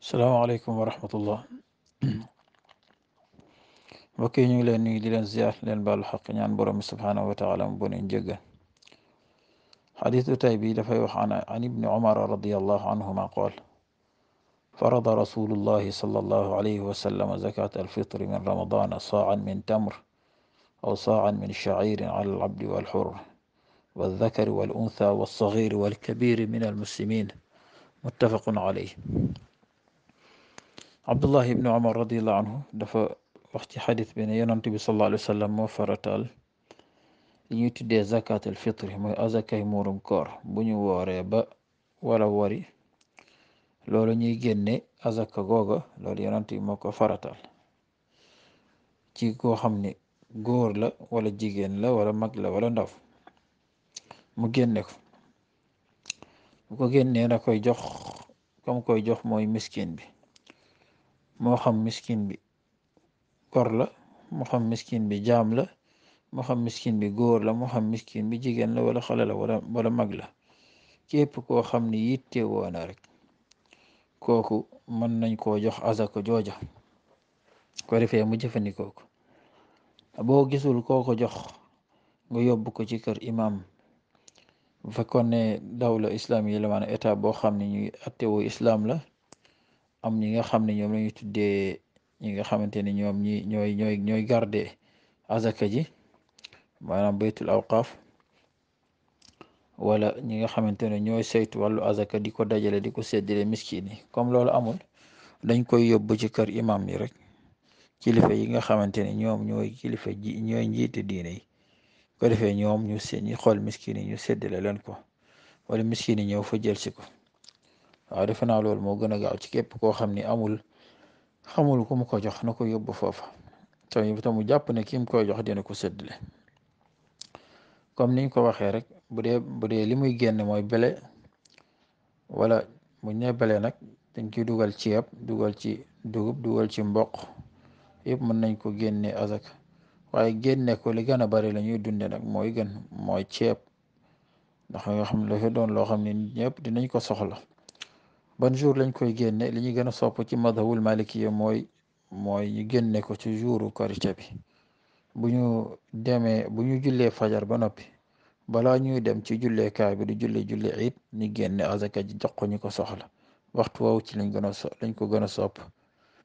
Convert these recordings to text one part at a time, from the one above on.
salaamaaleykum wa rahmatullah mbokk yi ñu ngi leen nuyu di leen ziar leen baalu xaq ñaan borom bi subhaanahu wa taala mu bonen jéggal xadiisu tay bi dafay wax an ibni umara radiallahu anhuma qaal farada rasulullahi sallallahu alayhi wa sallam zakat alfitri min ramadana saaan min tamr aw saaan min shaciirin ala alabdi walxur walzakari waluntha walsagiiri walkabiri min almuslimin muttafaqun alayh abdullah ibni omar radiallahu anhu dafa wax ci xadis bi ne bi sallallahu alayhi wa sallam moo farataal ñu ñuy tuddee zakat al fitri mooy azakay muurum koor bu ñu wooree ba wala wari loolu ñuy génne azaka googa loolu yonent bi moo ko farataal ci koo xam ne góor la wala jigéen la wala mag la wala ndaw mu génne ko bu na koy jox kam koy jox mooy miskin bi moo xam miskin bi gor la moo xam miskin bi jaam la moo xam miskin bi góor la moo xam miskin bi jigéen la wala xale wala mag la képp koo xam ni yitte woona rek kooku mën nañ ko jox azako jooja ko defee mu jëfandikoo ko boo gisul koo jox nga yóbbu ko ci kër imam bu fekkoon ne dawla islam yi la maanaam état boo xam ne ñuy attewoo islam la am ñi nga xam ne ñoom la ñu tuddee ñi nga xamante ne ñoom ñi ñooy ñooy ñooy garde azaka ji maanaam baytul awqaaf wala ñi nga xamante ne ñooy saytu wàllu azaka di ko dajale di ko séddale miskin yi comme loolu amul dañ koy yóbbu ci kër imam yi rek kilifa yi nga xamante ne ñoom ñooy kilifa ji ñooy njiite diine ko defee ñoom ñu seen ñu xool miskin yi ñu séddale leen ko wala miskin yi ñëw fa jël si ko waaw defe naa loolu moo gën a gaaw ci képp koo xam ni amul xamul ku mu ko jox na ko yóbbu foofa te mu jàpp ne kim koy jox dina ko séddale comme niñ ko waxee rek bu dee bu dee li muy génn mooy bele wala mu ñe bele nag dañ ciy dugal ceeb dugal ci dugub dugal ci mboq yëpp mën nañ ko génne azak waaye génne ko li gën a bari la ñuy dunde nag mooy gën mooy ceeb ndax yoo xam ne dafa doon loo xam ne ñëpp dinañ ko soxla ban jour lañ koy génne li ñu gën a sopp ci madhabul malikiya mooy mooy ñu génne ko ci jouru korite bi bu ñu demee bu ñu jullee fajar ba noppi balaa ñuy dem ci julleekaay bi di julli julli iid ñu génne azaka ji jox ko ñu ko soxla waxtu woowu ci lañ gën a so lañ ko gën a sopp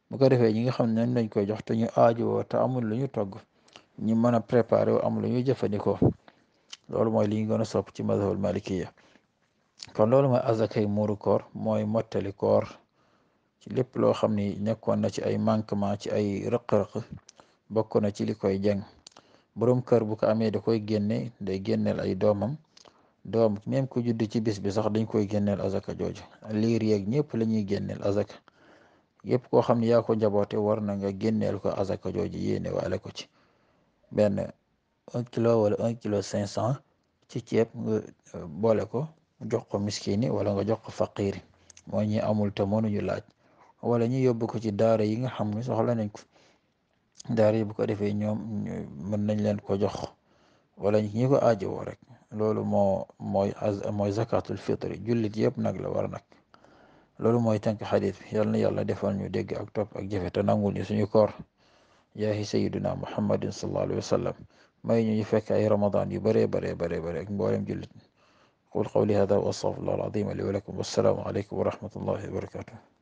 bu ko defee ñi nga xam ne lañ koy jox te ñu aajowoo te amul lu ñu togg ñu mën a préparer wu am lu ñu jëfandikoo loolu mooy li ñu gën a sopp ci mazhabul malikiya ko loolu mooy azakay muuru koor mooy mottali koor ci lépp loo xam ni nekkoon na ci ay manquement ci ay rëq-rëq bokk na ci li koy jàng borom kër bu ko amee da koy génne day génneel ay doomam doom même ku judd ci bis bi sax dañ koy génneel azaka jooju liir yeeg ñëpp la ñuy génneel azaka yëpp koo xam ni yaa ko njaboote war na nga génneel ko azaka jooju yéene waale ko ci benn un kilo wala un kilo cinq ci ceeb nga euh, boole ko jox ko miskini wala nga jox ko faqiiri mooy ñi amul te mënuñu laaj wala ñi yóbbu ko ci daara yi nga xam ne soxla nañ ko daara yi bu ko defee ñoom mën nañ leen ko jox wala ñi ko aajowoo rek loolu moo mooy mooy zakatul fitri jullit yëpp nag la war nag loolu mooy tënk xadis bi yal na yàlla defal ñu dégg ak topp ak jëfe te nangul ñu suñu koor yaahi sayiduna muhammadin sallallahu alayhi wa sallam may ñu ñu fekk ay ramadan yu baree baree baree bare ak mboolem jullit أقول قولي هذا وأستغفر الله العظيم لي ولكم والسلام عليكم ورحمة الله وبركاته